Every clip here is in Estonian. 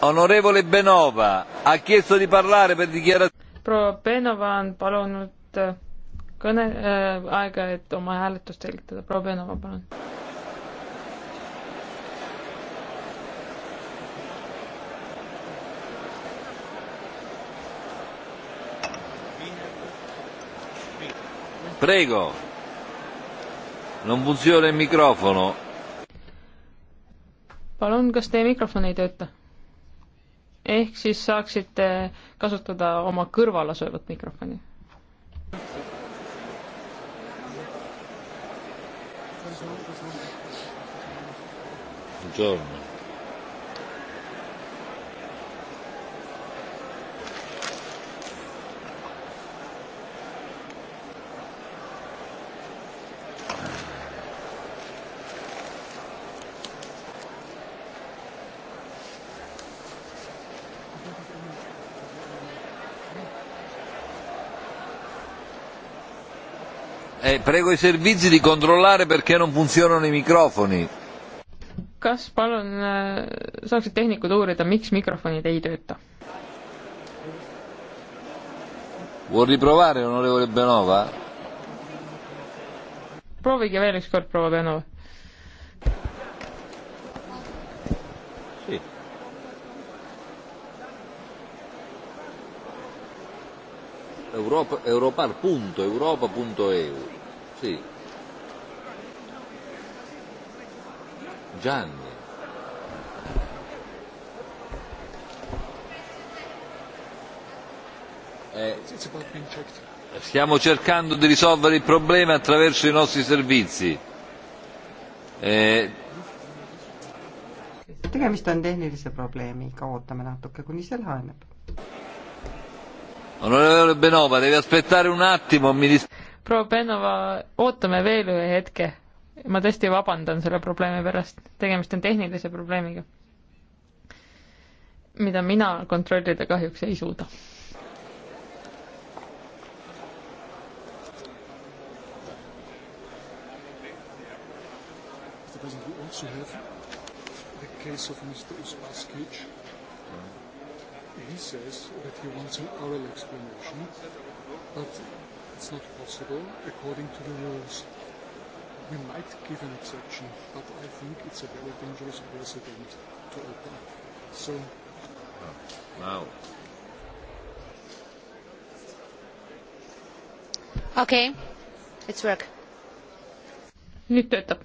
Onorevole Benova ha chiesto di parlare per dichiarazione. proua Benova on palunud äh, kõne äh,, aega, et oma hääletust selgitada. proua Benova, palun. Prego. Non funziona il microfono. palun, kas teie mikrofon ei tööta? ehk siis saaksite kasutada oma kõrval asuvat mikrofoni. Buongiorno. eh, prego i servizi di controllare perché non funzionano i microfoni. kas palun eh, saaksid tehnikud uurida, miks mikrofonid ei tööta? Vuol riprovare, onorevole Benova? proovige veel ükskord, proua Benova. Europa, europar.europa.eu Sì. Gianni. Eh, stiamo cercando di risolvere il problema attraverso i nostri servizi. Eh... tegemist on tehnilise probleemiga, ootame natuke, kuni see laheneb. Onorevole Benova, devi aspettare un attimo, mi dis- proua Benova, ootame veel ühe hetke. ma tõesti vabandan selle probleemi pärast, tegemist on tehnilise probleemiga, mida mina kontrollida kahjuks ei suuda Mr. President, we also have the case of Mr. Uspaskich. He says that he wants an oral explanation, but that's not possible according to the rules. We might give an exception, but I think it's a very dangerous precedent to open. So. Oh, wow. Okay, it's work. Nüüd töötab.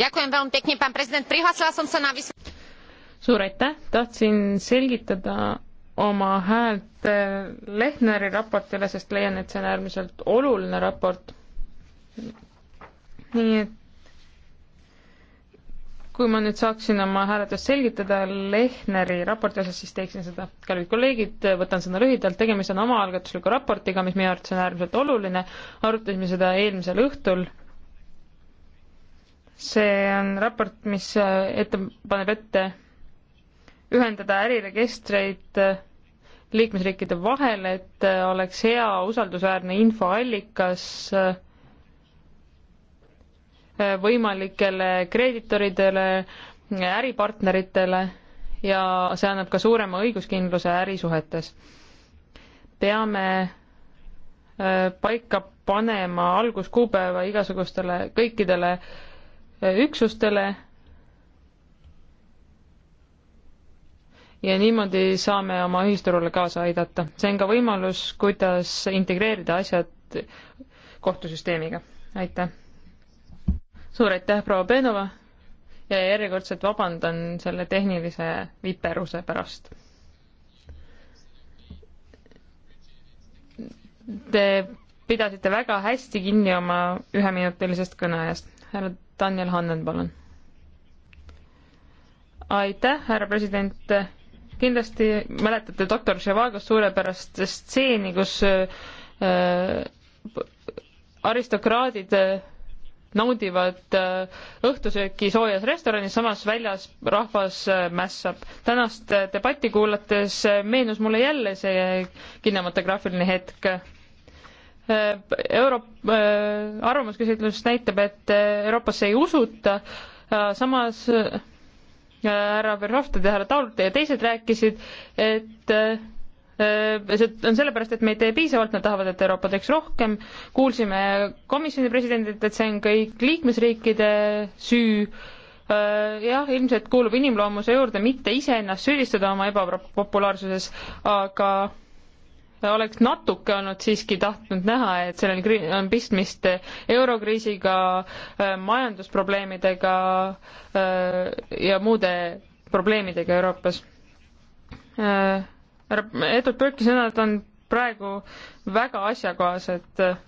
Ďakujem veľmi pekne, pán prezident. Prihlásila som sa na vys- Suur aitäh, tahtsin selgitada oma häält eh, Lehneri raportile, sest leian, et see on äärmiselt oluline raport. nii et kui ma nüüd saaksin oma hääletust selgitada Lehneri raporti osas, siis teeksin seda. kallid kolleegid, võtan sõna lühidalt, tegemist on omaalgatusliku raportiga, mis meie arvates on äärmiselt oluline, arutasime seda eelmisel õhtul. see on raport, mis eh, ette, paneb ette ühendada äriregistreid äh, liikmesriikide vahel, et äh, oleks hea usaldusväärne infoallikas äh, võimalikele kreeditoridele, äripartneritele ja see annab ka suurema õiguskindluse ärisuhetes. peame paika panema alguskuupäeva igasugustele, kõikidele üksustele ja niimoodi saame oma ühisturule kaasa aidata. see on ka võimalus, kuidas integreerida asjad kohtusüsteemiga. aitäh! suur aitäh, proua Peenova ja järjekordselt vabandan selle tehnilise viperuse pärast. Te pidasite väga hästi kinni oma üheminutilisest kõneajast. härra Daniel Hannen, palun. aitäh, härra president kindlasti mäletate doktor Zhivagost suurepärast stseeni, kus äh, aristokraadid äh, naudivad äh, õhtusööki soojas restoranis, samas väljas rahvas äh, mässab. tänast debatti kuulates meenus mulle jälle see kinematograafiline hetk Euro-, arvamusküsitlus näitab, et Euroopasse ei usuta, samas härra Verhofstadt ja härra Tault ja teised rääkisid, et äh, see on sellepärast, et meid ei tee piisavalt, nad tahavad, et Euroopa teeks rohkem, kuulsime komisjoni presidendilt, et see on kõik liikmesriikide süü, äh, jah, ilmselt kuulub inimloomuse juurde mitte iseennast süüdistada oma ebapopulaarsuses, aga oleks natuke olnud siiski tahtnud näha, et sellel on pistmist eurokriisiga, äh, majandusprobleemidega äh, ja muude probleemidega Euroopas. Äh, härra Edward Burke'i sõnad on praegu väga asjakohased.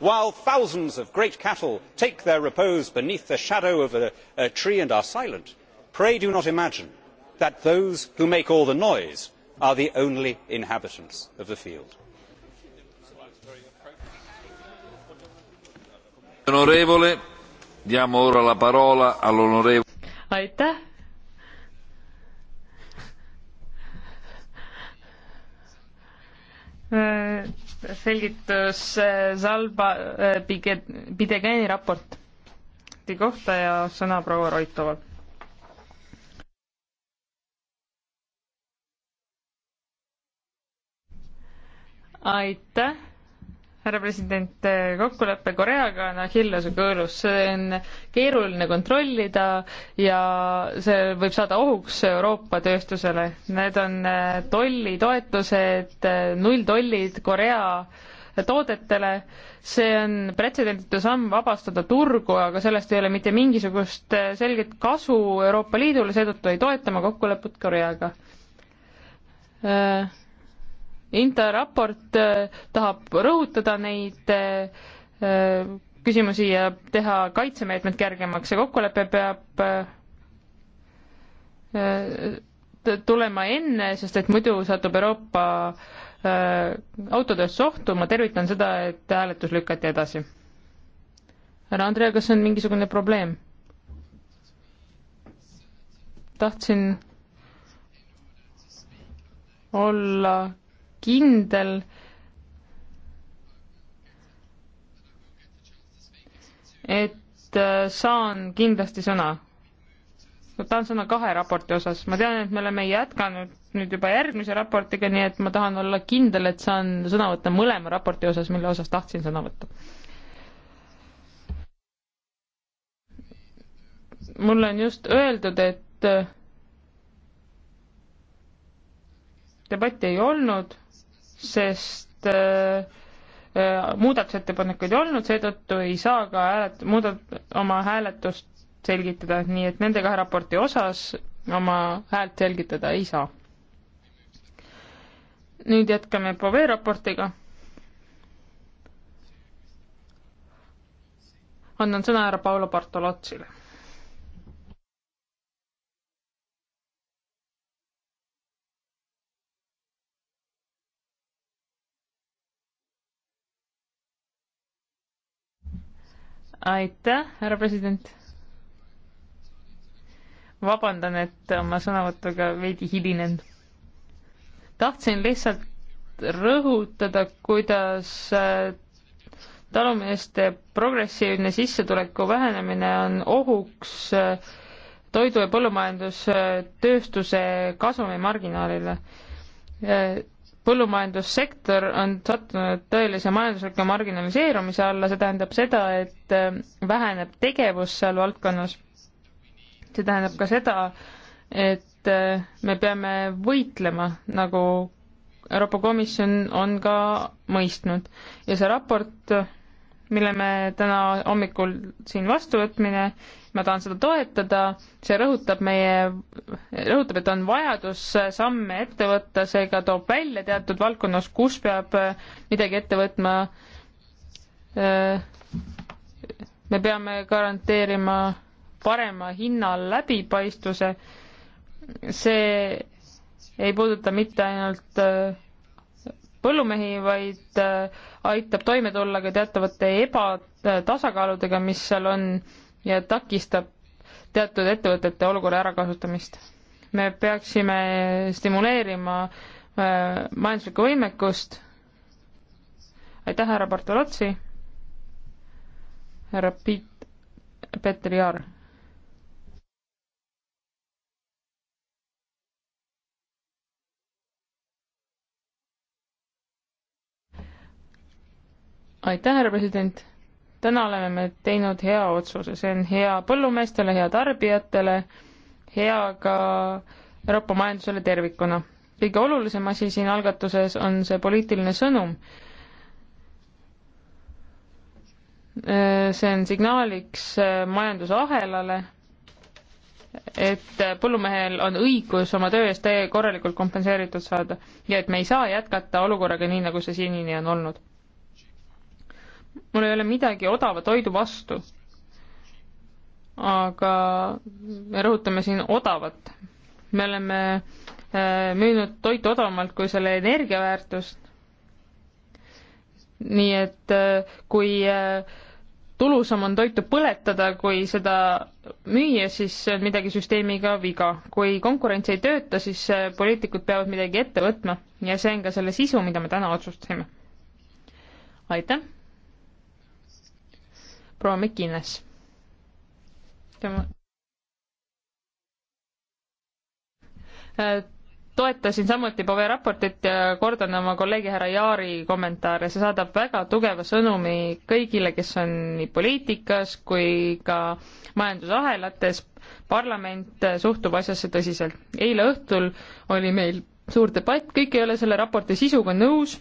While thousands of great cattle take their repose beneath the shadow of a, a tree and are silent, pray do not imagine that those who make all the noise are the only inhabitants of the field. aitäh! selgitus eh, Zalba eh, Pidegeni raporti kohta ja sõna proua Roitoval aitäh, härra president, kokkulepe Koreaga on Achilleuse kõõlus, see on keeruline kontrollida ja see võib saada ohuks Euroopa tööstusele. Need on äh, tollitoetused, äh, nulltollid Korea toodetele, see on pretsedenditu samm vabastada turgu, aga sellest ei ole mitte mingisugust äh, selget kasu Euroopa Liidule, seetõttu ei toeta ma kokkulepet Koreaga äh Inta raport äh, tahab rõhutada neid äh, äh, küsimusi ja teha kaitsemeetmed kergemaks ja kokkulepe peab tulema enne, sest et muidu satub Euroopa autotööstus ohtu, ma tervitan seda, et hääletus lükati edasi. härra Andrea, kas on mingisugune probleem? tahtsin olla kindel et äh, saan kindlasti sõna. ma tahan sõna kahe raporti osas, ma tean, et me oleme jätkanud nüüd juba järgmise raportiga, nii et ma tahan olla kindel, et saan sõna võtta mõlema raporti osas, mille osas tahtsin sõna võtta. mulle on just öeldud, et äh, debatti ei olnud sest äh, äh, muudatusettepanekuid ei olnud, seetõttu ei saa ka häälet-, muudat-, oma hääletust selgitada, nii et nende kahe raporti osas oma häält selgitada ei saa. nüüd jätkame Pove raportiga. annan sõna härra Paolo Bartolotsile aitäh, härra president. vabandan, et oma sõnavõtuga veidi hilinenud. tahtsin lihtsalt rõhutada, kuidas äh, talumeeste progressiivne sissetuleku vähenemine on ohuks äh, toidu- ja põllumajandustööstuse kasumimarginaalile äh, põllumajandussektor on sattunud tõelise majandusliku marginaliseerumise alla, see tähendab seda, et äh, väheneb tegevus seal valdkonnas. see tähendab ka seda, et äh, me peame võitlema, nagu Euroopa Komisjon on ka mõistnud ja see raport mille me täna hommikul siin vastuvõtmine, ma tahan seda toetada, see rõhutab meie, rõhutab, et on vajadus samme ette võtta, seega toob välja teatud valdkonnas, kus peab äh, midagi ette võtma. Äh, me peame garanteerima parema hinna läbipaistvuse. see ei puuduta mitte ainult äh, põllumehi, vaid äh, aitab toime tulla ka teatavate ebatasakaaludega, mis seal on ja takistab teatud ettevõtete olukorra ärakasutamist. me peaksime stimuleerima äh, majanduslikku võimekust. aitäh, härra Bartolotsi, härra Piet, Peeter Jaar aitäh, härra president. täna oleme me teinud hea otsuse, see on hea põllumeestele, hea tarbijatele, hea ka Euroopa majandusele tervikuna. kõige olulisem asi siin algatuses on see poliitiline sõnum. see on signaaliks majandusahelale, et põllumehel on õigus oma töö eest korralikult kompenseeritud saada ja et me ei saa jätkata olukorraga nii, nagu see senini on olnud mul ei ole midagi odava toidu vastu. aga me rõhutame siin odavat. me oleme äh, müünud toitu odavamalt kui selle energia väärtust. nii et äh, kui äh, tulusam on toitu põletada, kui seda müüa, siis on midagi süsteemiga viga. kui konkurents ei tööta, siis poliitikud peavad midagi ette võtma ja see on ka selle sisu, mida me täna otsustasime. aitäh! proua Mikines. Äh, toetasin samuti Pove raportit ja kordan oma kolleegi härra Jaari kommentaare, see saadab väga tugeva sõnumi kõigile, kes on nii poliitikas kui ka majandusahelates. parlament suhtub asjasse tõsiselt. eile õhtul oli meil suur debatt, kõik ei ole selle raporti sisuga nõus,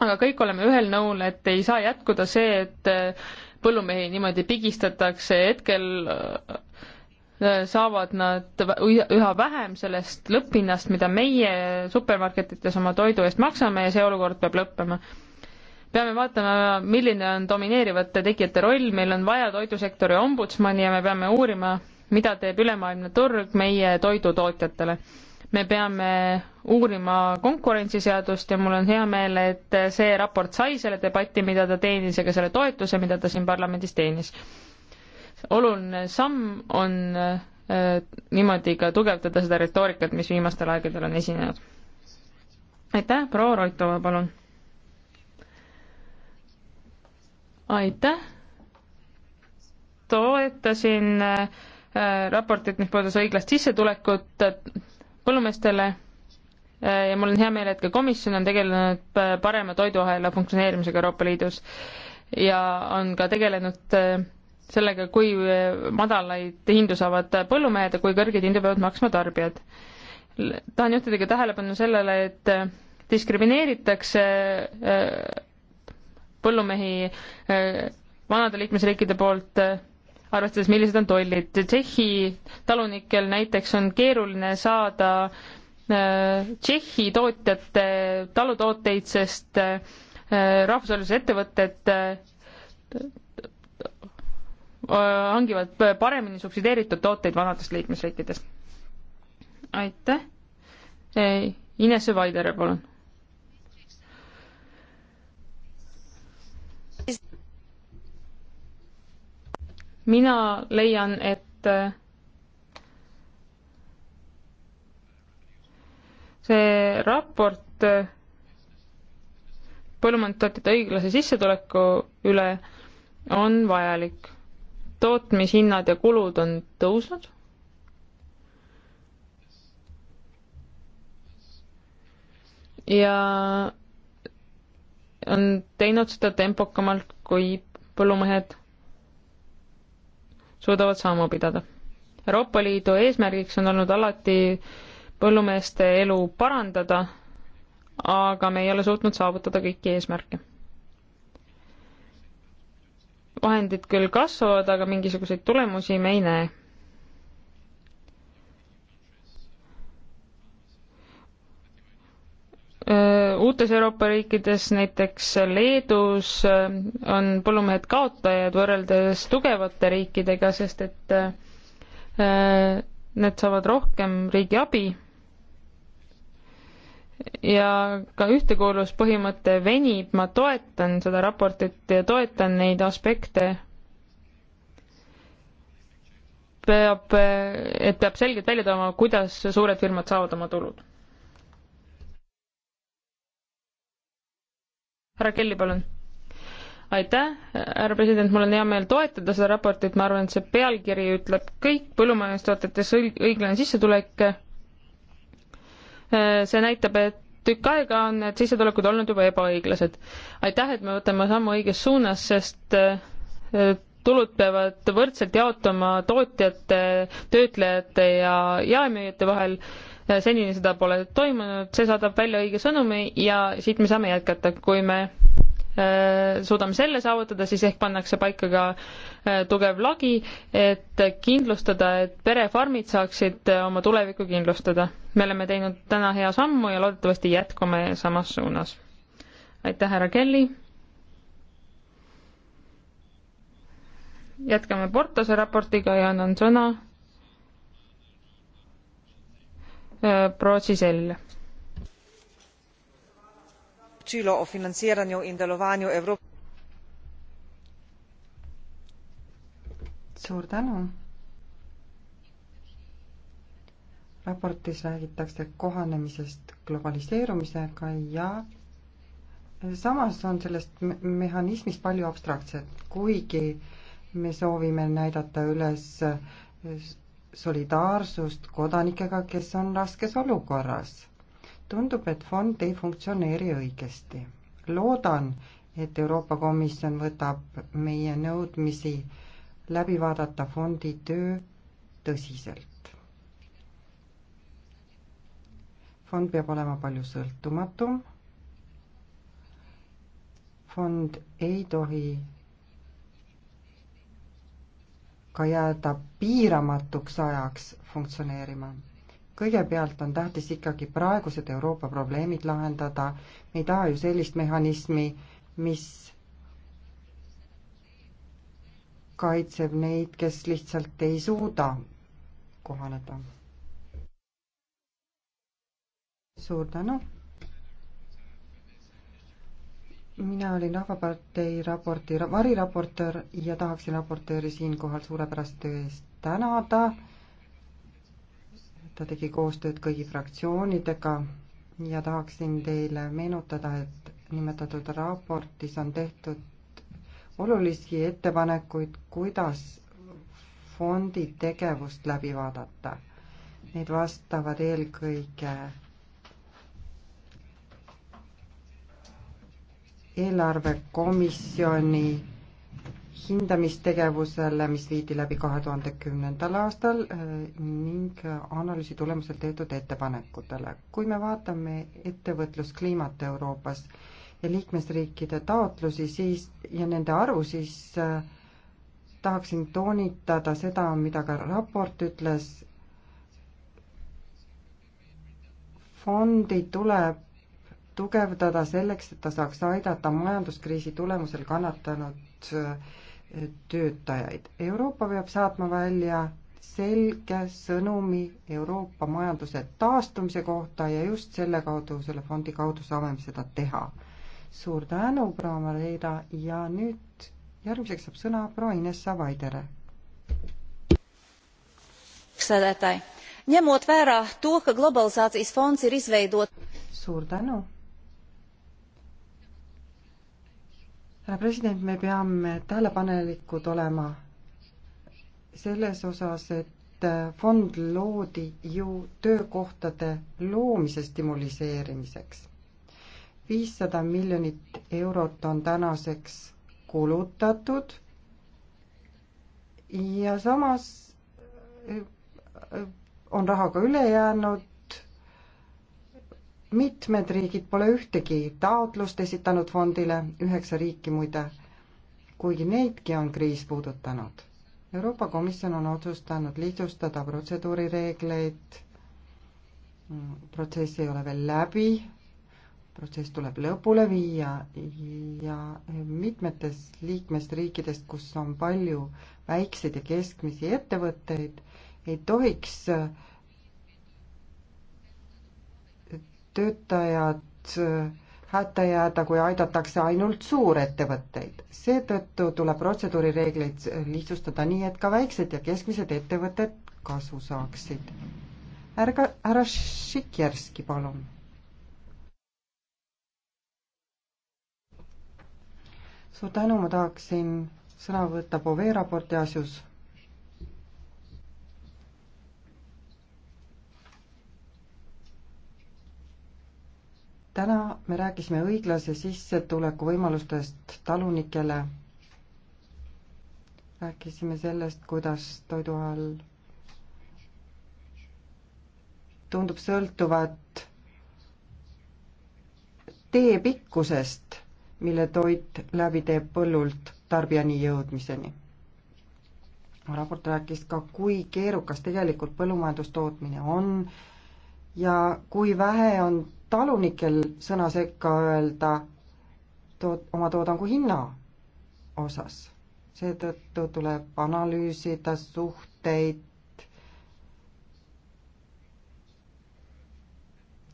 aga kõik oleme ühel nõul, et ei saa jätkuda see, et põllumehi niimoodi pigistatakse, hetkel äh, äh, saavad nad üha vähem sellest lõpphinnast, mida meie supermarketites oma toidu eest maksame ja see olukord peab lõppema. peame vaatama, milline on domineerivate tegijate roll, meil on vaja toidusektori ombudsmani ja me peame uurima, mida teeb ülemaailmne turg meie toidutootjatele me peame uurima konkurentsiseadust ja mul on hea meel, et see raport sai selle debati, mida ta teenis, ja ka selle toetuse, mida ta siin parlamendis teenis. oluline samm on äh, niimoodi ka tugevdada seda retoorikat, mis viimastel aegadel on esinenud. aitäh, proua Roitova, palun! aitäh! toetasin äh, äh raportit, mis puudutas õiglast sissetulekut, põllumeestele ja mul on hea meel, et ka komisjon on tegelenud parema toiduahela funktsioneerimisega Euroopa Liidus ja on ka tegelenud äh, sellega, kui äh, madalaid hindu saavad põllumehed ja kui kõrgeid hindu peavad maksma tarbijad. tahan juhtida ka tähelepanu sellele, et äh, diskrimineeritakse põllumehi vanade liikmesriikide poolt arvestades, millised on tollid. Tšehhi talunikel näiteks on keeruline saada äh, Tšehhi tootjate talutooteid, sest äh, rahvusvahelised ettevõtted äh, hangivad paremini subsideeritud tooteid vanadest liikmesriikidest. aitäh. Ines Vaider, palun mina leian, et äh, see raport äh, põllumajandustootjate õiglase sissetuleku üle on vajalik. tootmishinnad ja kulud on tõusnud. ja on teinud seda tempokamalt kui põllumehed suudavad sammu pidada. Euroopa Liidu eesmärgiks on olnud alati põllumeeste elu parandada, aga me ei ole suutnud saavutada kõiki eesmärke. vahendid küll kasvavad, aga mingisuguseid tulemusi me ei näe Äh, uutes Euroopa riikides, näiteks Leedus, äh, on põllumehed kaotajad võrreldes tugevate riikidega, sest et äh, need saavad rohkem riigi abi. ja ka ühtekuuluvuspõhimõte venib, ma toetan seda raportit ja toetan neid aspekte, peab, et peab selgelt välja tooma, kuidas suured firmad saavad oma tulud härra Kelly, palun. aitäh, härra president, mul on hea meel toetada seda raportit, ma arvan, et see pealkiri ütleb kõik, põllumajandustootjate õiglane sissetulek. see näitab, et tükk aega on need sissetulekud olnud juba ebaõiglased. aitäh, et me võtame sammu õiges suunas, sest eh, tulud peavad võrdselt jaotuma tootjate, töötlejate ja jaemüüjate vahel senini seda pole toimunud, see saadab välja õige sõnumi ja siit me saame jätkata, kui me äh, suudame selle saavutada, siis ehk pannakse paika ka äh, tugev lagi, et kindlustada, et perefarmid saaksid äh, oma tulevikku kindlustada. me oleme teinud täna hea sammu ja loodetavasti jätkume samas suunas. aitäh, härra Kelly! jätkame Portose raportiga ja annan sõna Pročiselile. Poročilo o financiranju in delovanju Evrope. suur tänu. raportis räägitakse kohanemisest globaliseerumisega ja samas on sellest mehhanismist palju abstraktset, kuigi me soovime näidata üles solidaarsust kodanikega, kes on raskes olukorras. tundub, et fond ei funktsioneeri õigesti. loodan, et Euroopa Komisjon võtab meie nõudmisi läbi vaadata fondi töö tõsiselt. fond peab olema palju sõltumatum. fond ei tohi ka jääda piiramatuks ajaks funktsioneerima. kõigepealt on tähtis ikkagi praegused Euroopa probleemid lahendada, me ei taha ju sellist mehhanismi, mis kaitseb neid, kes lihtsalt ei suuda kohaneda. suur tänu! mina olin Rahvapartei raporti variraportöör ja tahaksin raportööri siinkohal suurepärase töö eest tänada. ta tegi koostööd kõigi fraktsioonidega ja tahaksin teile meenutada, et nimetatud raportis on tehtud olulisi ettepanekuid, kuidas fondi tegevust läbi vaadata. Need vastavad eelkõige eelarvekomisjoni hindamistegevusele, mis viidi läbi kahe tuhande kümnendal aastal äh, ning analüüsi tulemusel tehtud ettepanekutele. kui me vaatame ettevõtluskliimat Euroopas ja liikmesriikide taotlusi, siis ja nende arvu, siis äh, tahaksin toonitada seda, mida ka raport ütles, fondi tuleb tugevdada selleks, et ta saaks aidata majanduskriisi tulemusel kannatanud äh, töötajaid. Euroopa peab saatma välja selge sõnumi Euroopa majanduse taastumise kohta ja just selle kaudu, selle fondi kaudu saame me seda teha. suur tänu, proua Mareida ja nüüd järgmiseks saab sõna proua Ines Savaidere. ņemot vērā to, ka globalizācijas fonds ir izveidot. Suur tänu. härra president, me peame tähelepanelikud olema selles osas, et fond loodi ju töökohtade loomise stimuliseerimiseks. viissada miljonit eurot on tänaseks kulutatud ja samas on raha ka üle jäänud mitmed riigid pole ühtegi taotlust esitanud fondile, üheksa riiki muide, kuigi neidki on kriis puudutanud. Euroopa Komisjon on otsustanud lihtsustada protseduurireegleid, protsess ei ole veel läbi, protsess tuleb lõpule viia ja mitmetes liikmesriikides, kus on palju väikseid ja keskmisi ettevõtteid, ei tohiks äh, töötajad hätta jääda, kui aidatakse ainult suurettevõtteid. seetõttu tuleb protseduurireegleid lihtsustada nii, et ka väiksed ja keskmised ettevõtted kasu saaksid. ärge, härra Šikjerski, palun. suur tänu, ma tahaksin sõna võtta Bovee raporti asjus täna me rääkisime õiglase sissetuleku võimalustest talunikele. rääkisime sellest, kuidas toidu all tundub sõltuvat tee pikkusest, mille toit läbi teeb põllult tarbijani jõudmiseni. raport rääkis ka, kui keerukas tegelikult põllumajandustootmine on ja kui vähe on talunikel sõna sekka öelda tood-, oma toodangu hinna osas. seetõttu tuleb analüüsida suhteid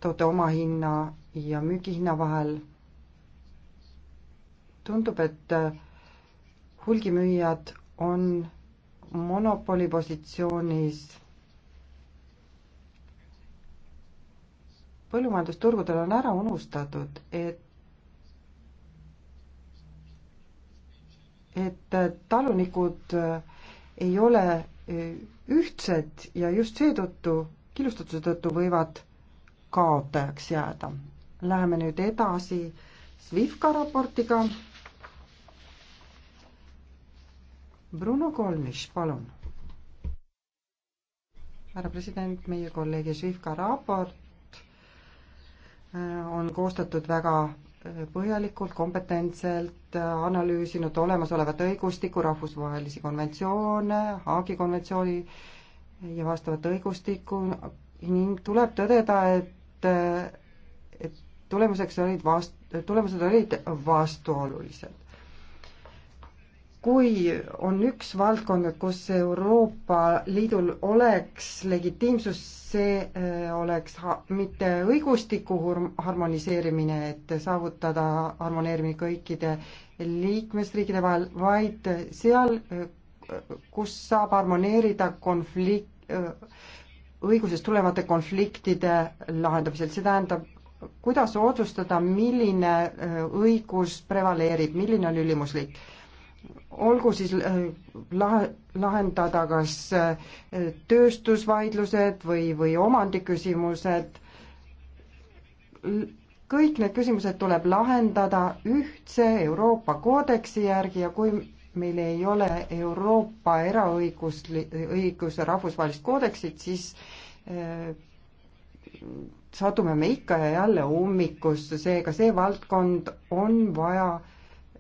toote omahinna ja müügihinna vahel. tundub, et äh, hulgimüüjad on monopolipositsioonis põllumajandusturgudel on ära unustatud, et et talunikud äh, ei ole äh, ühtsed ja just seetõttu, killustatuse tõttu võivad kaotajaks jääda. Läheme nüüd edasi SWIFCA raportiga. Bruno Kolmiš, palun. härra president, meie kolleegi SWIFCA raport on koostatud väga äh, põhjalikult, kompetentselt äh, analüüsinud olemasolevat õigustikku, rahvusvahelisi konventsioone, Haagi konventsiooni ja vastavat õigustikku ning tuleb tõdeda, et, äh, et tulemuseks olid vast-, tulemused olid vastuolulised kui on üks valdkond, kus Euroopa Liidul oleks legitiimsus, see äh, oleks ha-, mitte õigustiku harmoniseerimine, et saavutada harmoneerimine kõikide liikmesriikide vahel, vaid seal, äh, kus saab harmoneerida konflikt, äh, õigusest tulevate konfliktide lahendamisel, see tähendab kuidas otsustada, milline õigus prevaleerib, milline on ülimuslik olgu siis äh, lahe, lahendada kas äh, tööstusvaidlused või, või omandiküsimused. kõik need küsimused tuleb lahendada ühtse Euroopa koodeksi järgi ja kui meil ei ole Euroopa eraõigusli-, õiguse rahvusvahelist koodeksit, siis äh, satume me ikka ja jälle ummikusse, seega see valdkond on vaja äh,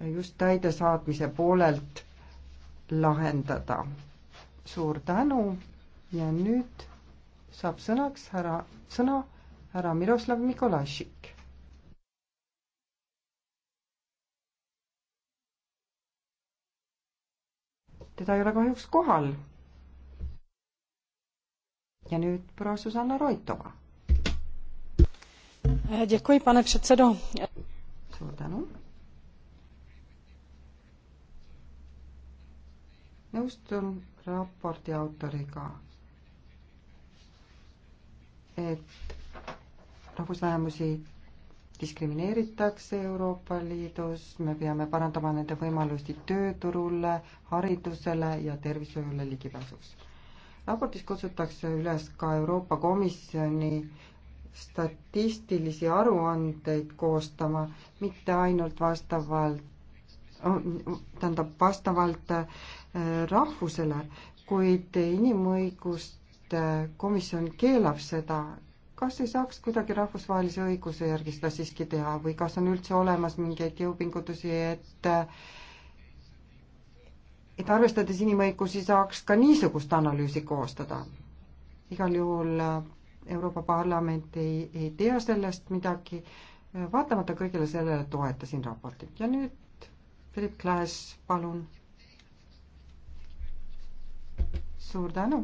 just täidesaatmise poolelt lahendada. suur tänu ja nüüd saab sõnaks härra, sõna härra Miroslav Mikolašik. teda ei ole kahjuks kohal. ja nüüd proua Susanna Roitova. suur tänu. nõustun raporti autoriga, et rahvusvähemusi diskrimineeritakse Euroopa Liidus, me peame parandama nende võimalusi tööturule, haridusele ja tervishoiule ligipääsuks. raportis kutsutakse üles ka Euroopa Komisjoni statistilisi aruandeid koostama, mitte ainult vastavalt tähendab vastavalt äh, rahvusele, kuid inimõiguste komisjon keelab seda, kas ei saaks kuidagi rahvusvahelise õiguse järgi seda siiski teha või kas on üldse olemas mingeid jõupingutusi, et et arvestades inimõigusi, saaks ka niisugust analüüsi koostada? igal juhul äh, Euroopa Parlament ei, ei tea sellest midagi, äh, vaatamata kõigele sellele toetasin raportit ja nüüd Philip Klaas, palun. suur tänu.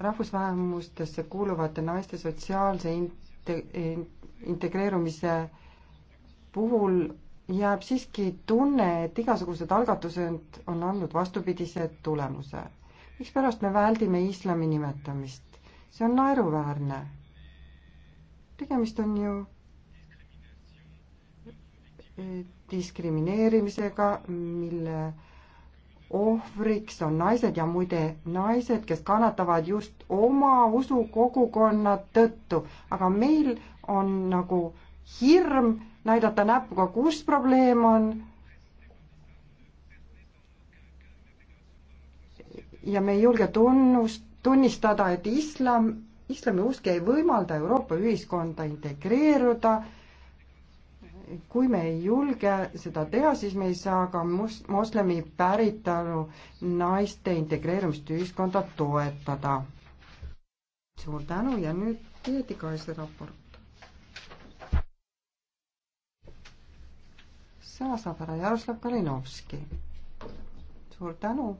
rahvusvähemustesse kuuluvate naiste sotsiaalse inte-, integreerumise puhul jääb siiski tunne, et igasugused algatused on andnud vastupidise tulemuse. mikspärast me väldime islami nimetamist? see on naeruväärne tegemist on ju eh, diskrimineerimisega, mille ohvriks on naised ja muide naised, kes kannatavad just oma usukogukonna tõttu, aga meil on nagu hirm näidata näpuga, kus probleem on. ja me ei julge tunnust, tunnistada, et islam islami usk ei võimalda Euroopa ühiskonda integreeruda. kui me ei julge seda teha, siis me ei saa ka mus-, moslemi päritolu naiste integreerumist ühiskonda toetada. suur tänu ja nüüd Tiedi Kaisa raport. sõna saab härra Jaroslav Kalinovski. suur tänu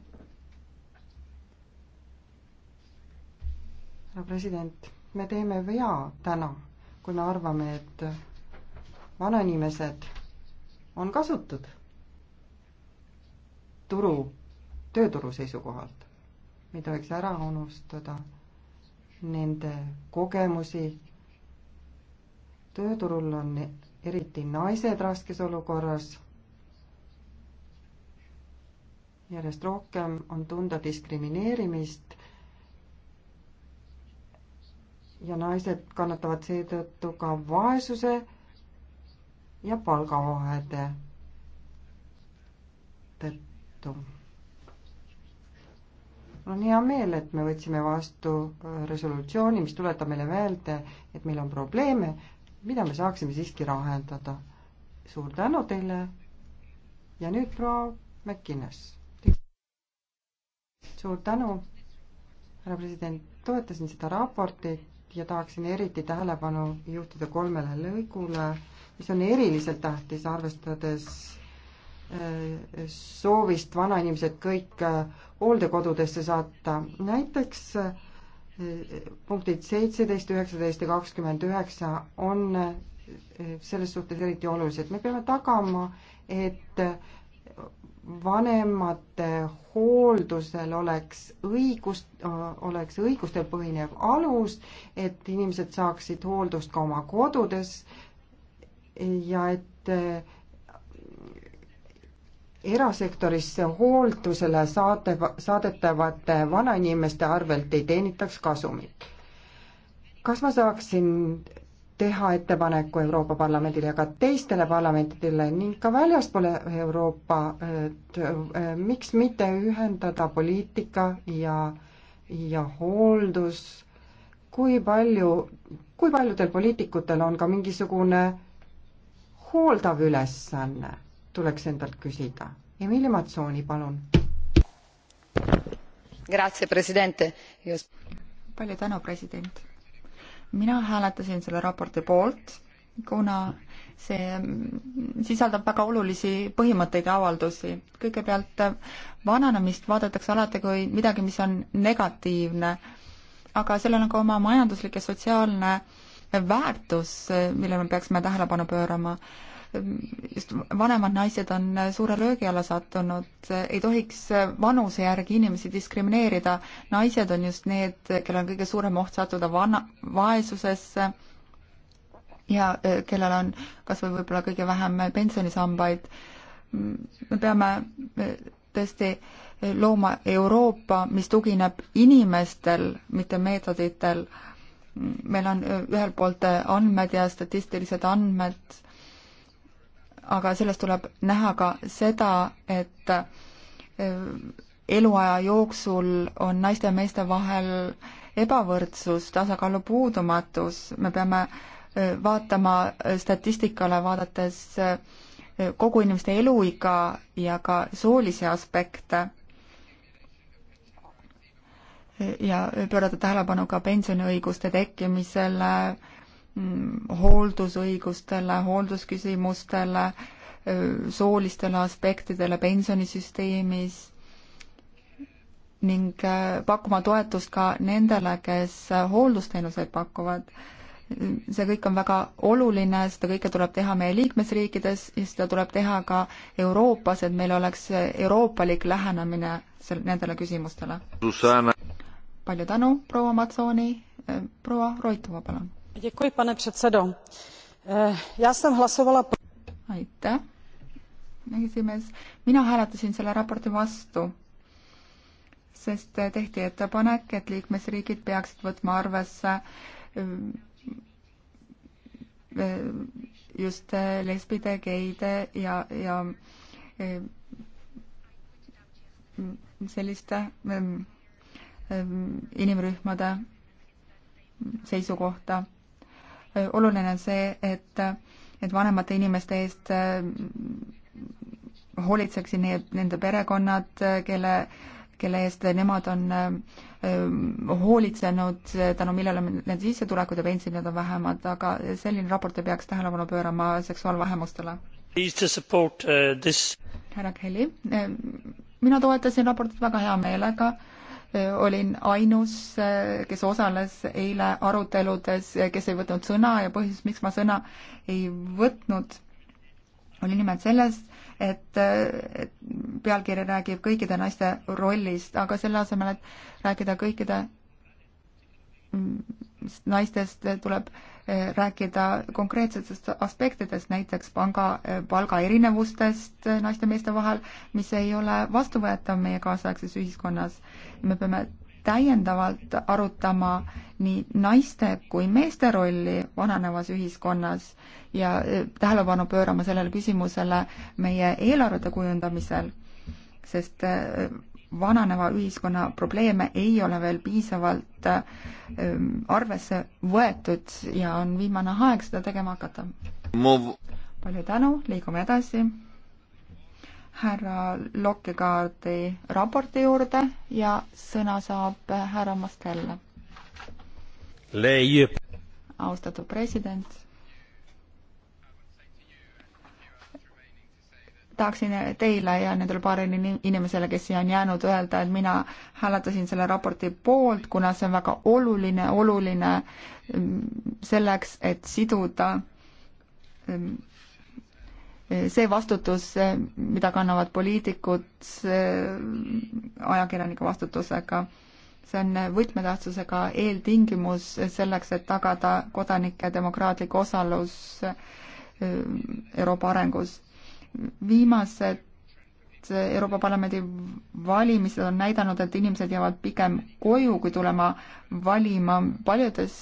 härra president, me teeme vea täna, kui me arvame, et vanainimesed on kasutud turu, tööturu seisukohalt. me ei tohiks ära unustada nende kogemusi. tööturul on eriti naised raskes olukorras. järjest rohkem on tunda diskrimineerimist ja naised kannatavad seetõttu ka vaesuse ja palgavahede tõttu. mul on hea meel, et me võtsime vastu äh, resolutsiooni, mis tuletab meile meelde, et meil on probleeme, mida me saaksime siiski lahendada. suur tänu teile ja nüüd proua McInnes. suur tänu, härra president, toetasin seda raportit ja tahaksin eriti tähelepanu juhtida kolmele lõigule, mis on eriliselt tähtis, arvestades äh, soovist vanainimesed kõik äh, hooldekodudesse saata. näiteks äh, punktid seitseteist, üheksateist ja kakskümmend üheksa on selles suhtes eriti olulised. me peame tagama, et vanemate hooldusel oleks õigus, oleks õigustel põhinev alus, et inimesed saaksid hooldust ka oma kodudes ja et eh, erasektorisse hooldusele saate, saadetavate vanainimeste arvelt ei teenitaks kasumit. kas ma saaksin teha ettepaneku Euroopa Parlamendile ja ka teistele parlamentidele ning ka väljaspoole Euroopa, et äh, miks mitte ühendada poliitika ja, ja hooldus, kui palju, kui paljudel poliitikutel on ka mingisugune hooldav ülesanne, tuleks endalt küsida. Emilio Mazzoni, palun. palju tänu, president mina hääletasin selle raporti poolt, kuna see sisaldab väga olulisi põhimõtteid ja avaldusi. kõigepealt vananemist vaadatakse alati kui midagi, mis on negatiivne, aga sellel on ka oma majanduslik ja sotsiaalne väärtus, millele me peaksime tähelepanu pöörama just vanemad naised on suure löögi alla sattunud, ei tohiks vanuse järgi inimesi diskrimineerida. naised on just need, kellel on kõige suurem oht sattuda vana, vaesusesse ja eh, kellel on kas või võib-olla kõige vähem pensionisambaid. me peame eh, tõesti eh, looma Euroopa, mis tugineb inimestel, mitte meetoditel. meil on ühelt poolt andmed ja statistilised andmed aga selles tuleb näha ka seda, et äh, eluaja jooksul on naiste ja meeste vahel ebavõrdsus, tasakaalu puudumatus, me peame äh, vaatama äh, statistikale vaadates kogu inimeste eluiga ja ka soolisi aspekte ja pöörata tähelepanu ka pensioniõiguste tekkimisele, Mm, hooldusõigustele, hooldusküsimustele, soolistele aspektidele pensionisüsteemis ning pakkuma toetust ka nendele, kes hooldusteenuseid pakuvad. see kõik on väga oluline, seda kõike tuleb teha meie liikmesriikides ja seda tuleb teha ka Euroopas, et meil oleks euroopalik lähenemine sel-, nendele küsimustele. palju tänu, proua Matsooni, proua Roitova, palun pane předsedo eh, já jsem hlasovala pro. aitäh esimees mina hääletasin selle raporti vastu sest tehti ettepanek et liikmesriigid peaksid võtma arvesse eh, just eh, lesbide geide ja ja selliste inimrühmade seisukohta oluline on see, et, et vanemate inimeste eest äh, hoolitseksid need, nende perekonnad, kelle, kelle eest nemad on äh, hoolitsenud, tänu millele need sissetulekud ja pensionid on vähemad, aga selline raport ei peaks tähelepanu pöörama seksuaalvähemustele. Uh, härra Kelly, äh, mina toetasin raportit väga hea meelega olin ainus, kes osales eile aruteludes, kes ei võtnud sõna ja põhjus, miks ma sõna ei võtnud, oli nimelt selles, et pealkiri räägib kõikide naiste rollist, aga selle asemel, et rääkida kõikide naistest tuleb eh, rääkida konkreetsetest aspektidest, näiteks panga eh, palgaerinevustest eh, naiste ja meeste vahel, mis ei ole vastuvõetav meie kaasaegses ühiskonnas. me peame täiendavalt arutama nii naiste kui meeste rolli vananevas ühiskonnas ja tähelepanu pöörama sellele küsimusele meie eelarvete kujundamisel, sest vananeva ühiskonna probleeme ei ole veel piisavalt ähm, arvesse võetud ja on viimane aeg seda tegema hakata. palju tänu, liigume edasi härra Lokkegaardi raporti juurde ja sõna saab härra Mastella. austatud president tahaksin teile ja nendele paarile inimesele, kes siia on jäänud, öelda, et mina hääletasin selle raporti poolt, kuna see on väga oluline, oluline mm, selleks, et siduda mm, see vastutus, mida kannavad poliitikud mm, ajakirjanike vastutusega, see on võtmetähtsusega eeltingimus selleks, et tagada kodanike demokraatlik osalus Euroopa arengus viimased Euroopa Parlamendi valimised on näidanud, et inimesed jäävad pigem koju, kui tulema valima. paljudes,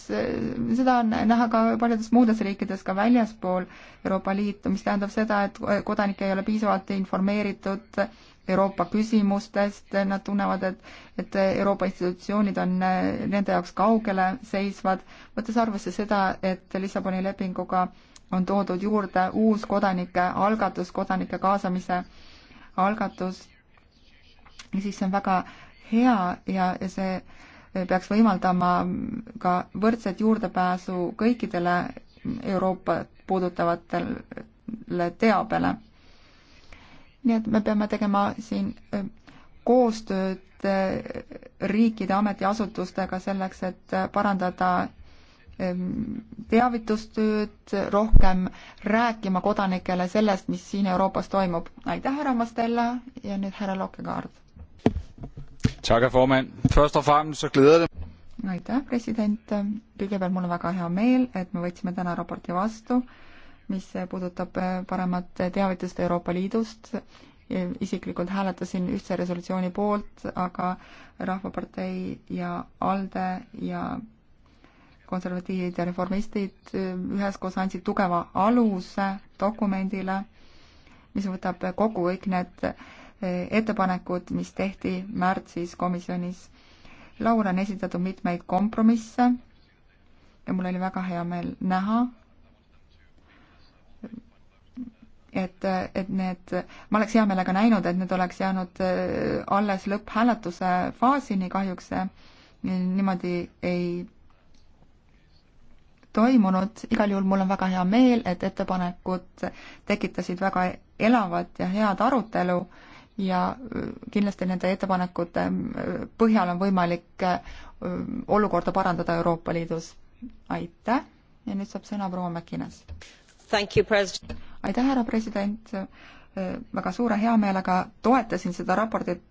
seda on näha ka paljudes muudes riikides, ka väljaspool Euroopa Liitu, mis tähendab seda, et kodanikke ei ole piisavalt informeeritud Euroopa küsimustest, nad tunnevad, et, et Euroopa institutsioonid on nende jaoks kaugele seisvad, võttes arvesse seda, et Lissaboni lepinguga äh, on toodud juurde uus kodanike algatus, kodanike kaasamise algatus, siis see on väga hea ja, ja see peaks võimaldama ka võrdset juurdepääsu kõikidele Euroopat puudutavatele teabele. nii et me peame tegema siin äh, koostööd äh, riikide ametiasutustega selleks, et äh, parandada Ehm, teavitustööd, rohkem rääkima kodanikele sellest, mis siin Euroopas toimub. aitäh, härra Mastella ja nüüd härra Lokekaard. aitäh, president. kõigepealt mul on väga hea meel, et me võtsime täna raporti vastu, mis puudutab eh, paremat teavitust Euroopa Liidust isiklikult hääletasin ühtse resolutsiooni poolt, aga Rahvapartei ja ALDE ja konservatiivid ja reformistid äh, üheskoos andsid tugeva aluse dokumendile, mis võtab kokku kõik need äh, ettepanekud, mis tehti märtsis komisjonis. Laura on esitatud mitmeid kompromisse ja mul oli väga hea meel näha, et, et need, ma oleks hea meelega näinud, et need oleks jäänud äh, alles lõpphääletuse faasini, kahjuks see niimoodi ei toimunud, igal juhul mul on väga hea meel, et ettepanekud tekitasid väga elavat ja head arutelu ja äh, kindlasti nende ettepanekute äh, põhjal on võimalik äh, olukorda parandada Euroopa Liidus. aitäh ja nüüd saab sõna proua Mäkinas. aitäh, härra president, väga suure heameelega toetasin seda raportit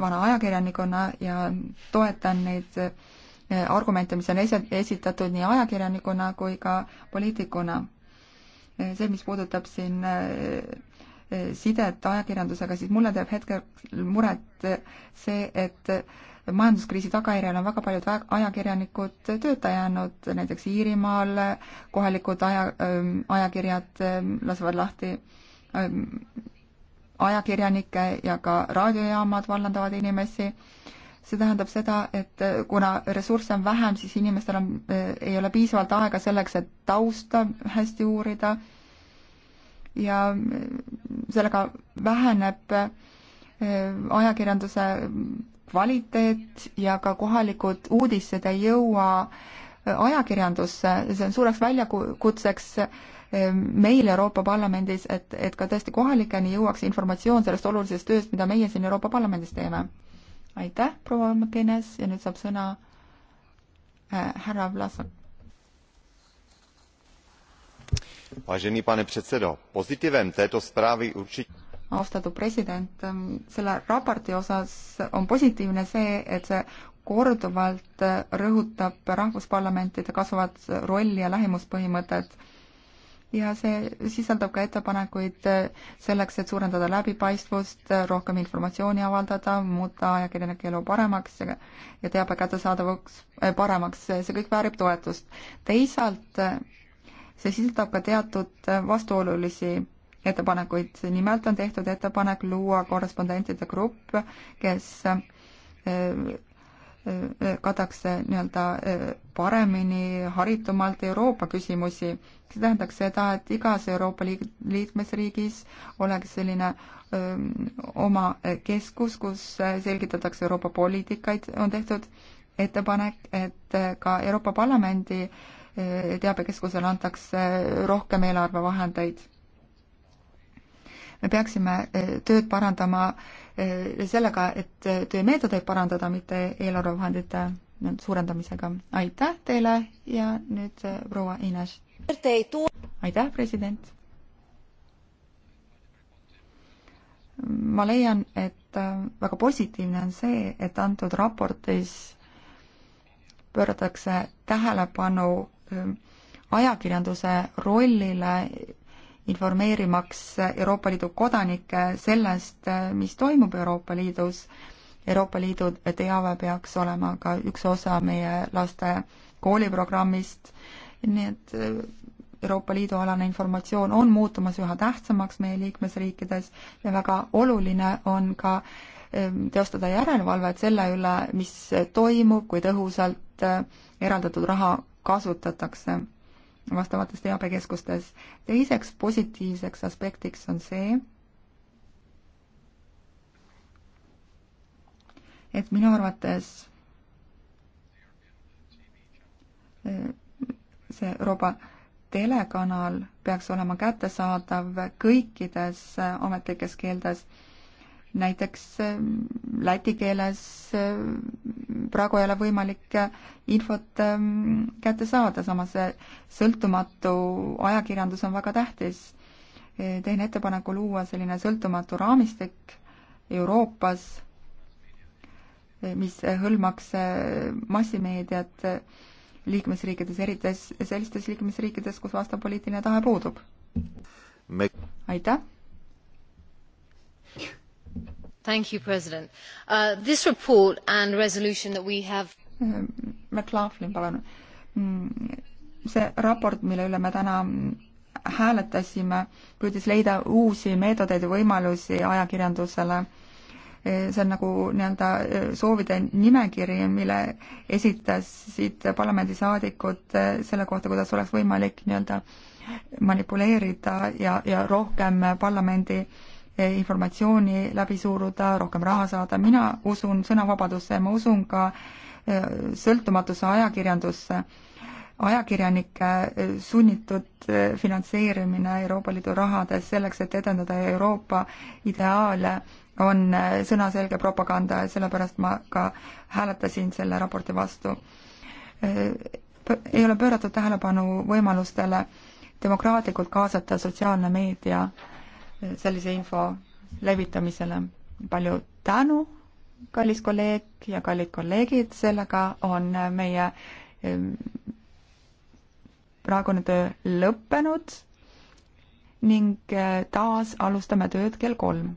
vana ajakirjanikuna ja toetan neid argumente, mis on esitatud nii ajakirjanikuna kui ka poliitikuna. see, mis puudutab siin eh, eh, sidet ajakirjandusega, siis mulle teeb hetkel muret see, et majanduskriisi tagajärjel on väga paljud ajakirjanikud tööta jäänud, näiteks Iirimaal kohalikud aja, ehm, ajakirjad ehm, lasevad lahti ehm, ajakirjanikke ja ka raadiojaamad vallandavad inimesi see tähendab seda, et äh, kuna ressursse on vähem, siis inimestel on, äh, ei ole piisavalt aega selleks, et tausta hästi uurida ja äh, sellega väheneb ajakirjanduse kvaliteet ja ka kohalikud uudised ei jõua ajakirjandusse, see on suureks väljakutseks meil Euroopa Parlamendis, et, et ka tõesti kohalikeni jõuaks informatsioon sellest olulisest tööst, mida meie siin Euroopa Parlamendis teeme aitäh, proua Mäkenes ja nüüd saab sõna äh, härra Vlasak. Vážený pane předsedo, pozitivem této zprávy určitě austatud president, ähm, selle raporti osas on positiivne see, et see korduvalt äh, rõhutab rahvusparlamentide kasvavat rolli ja lähimuspõhimõtet ja see sisaldab ka ettepanekuid selleks, et suurendada läbipaistvust, rohkem informatsiooni avaldada, muuta ajakirjanike elu paremaks ja, ja teabe kättesaadavaks eh, paremaks, see kõik väärib toetust. teisalt see sisaldab ka teatud vastuolulisi ettepanekuid, nimelt on tehtud ettepanek luua korrespondentide grupp, kes eh, kadaks nii-öelda e, paremini haritumalt Euroopa küsimusi. see tähendaks seda, et igas Euroopa liikmesriigis oleks selline öö, e, oma keskus, kus selgitatakse Euroopa poliitikaid, on tehtud ettepanek, et ka Euroopa Parlamendi e, teabekeskusele antakse rohkem eelarvevahendeid. me peaksime tööd parandama öö, Eh, sellega, et eh, töömeetodeid parandada, mitte eelarvevahendite suurendamisega. aitäh teile ja nüüd eh, proua Ines. aitäh, president. ma leian, et väga positiivne on see, et antud raportis pööratakse tähelepanu ajakirjanduse rollile informeerimaks Euroopa Liidu kodanikke sellest, mis toimub Euroopa Liidus. Euroopa Liidu teave peaks olema ka üks osa meie laste kooliprogrammist, nii et äh, Euroopa Liidu alane informatsioon on muutumas üha tähtsamaks meie liikmesriikides ja väga oluline on ka ähm, teostada järelevalvet selle üle, mis toimub, kui tõhusalt äh, eraldatud raha kasutatakse vastavates teabekeskustes. teiseks positiivseks aspektiks on see, et minu arvates eh, see Euroopa telekanal peaks olema kättesaadav kõikides ametlikes keeltes näiteks ähm, läti keeles ähm, praegu ei ole võimalik äh, infot ähm, kätte saada, samas äh, sõltumatu ajakirjandus on väga tähtis. Äh, teen ettepaneku luua selline sõltumatu raamistik Euroopas, mis hõlmaks massimeediat liikmesriikides, eriti sellistes liikmesriikides, kus vastav poliitiline tahe puudub. aitäh! mr president uh, this report and resolution that we have mm, McLaughlin, palun. Mm, see raport, mille üle me täna mm, hääletasime, püüdis leida uusi meetodeid ja võimalusi ajakirjandusele. E, see on nagu nii-öelda e, soovide nimekiri, mille esitasid parlamendisaadikud e, selle kohta, kuidas oleks võimalik nii-öelda manipuleerida ja, ja rohkem parlamendi äh, informatsiooni läbi suruda, rohkem raha saada, mina usun sõnavabadusse, ma usun ka äh, sõltumatusse ajakirjandusse. ajakirjanike äh, sunnitud äh, finantseerimine Euroopa Liidu rahades selleks, et edendada Euroopa ideaale, on sõnaselge propaganda ja sellepärast ma ka hääletasin selle raporti vastu. ei ole pööratud tähelepanu võimalustele demokraatlikult kaasata sotsiaalne meedia sellise info levitamisele. palju tänu, kallis kolleeg ja kallid kolleegid, sellega on meie ehm, praegune töö lõppenud ning eh, taas alustame tööd kell kolm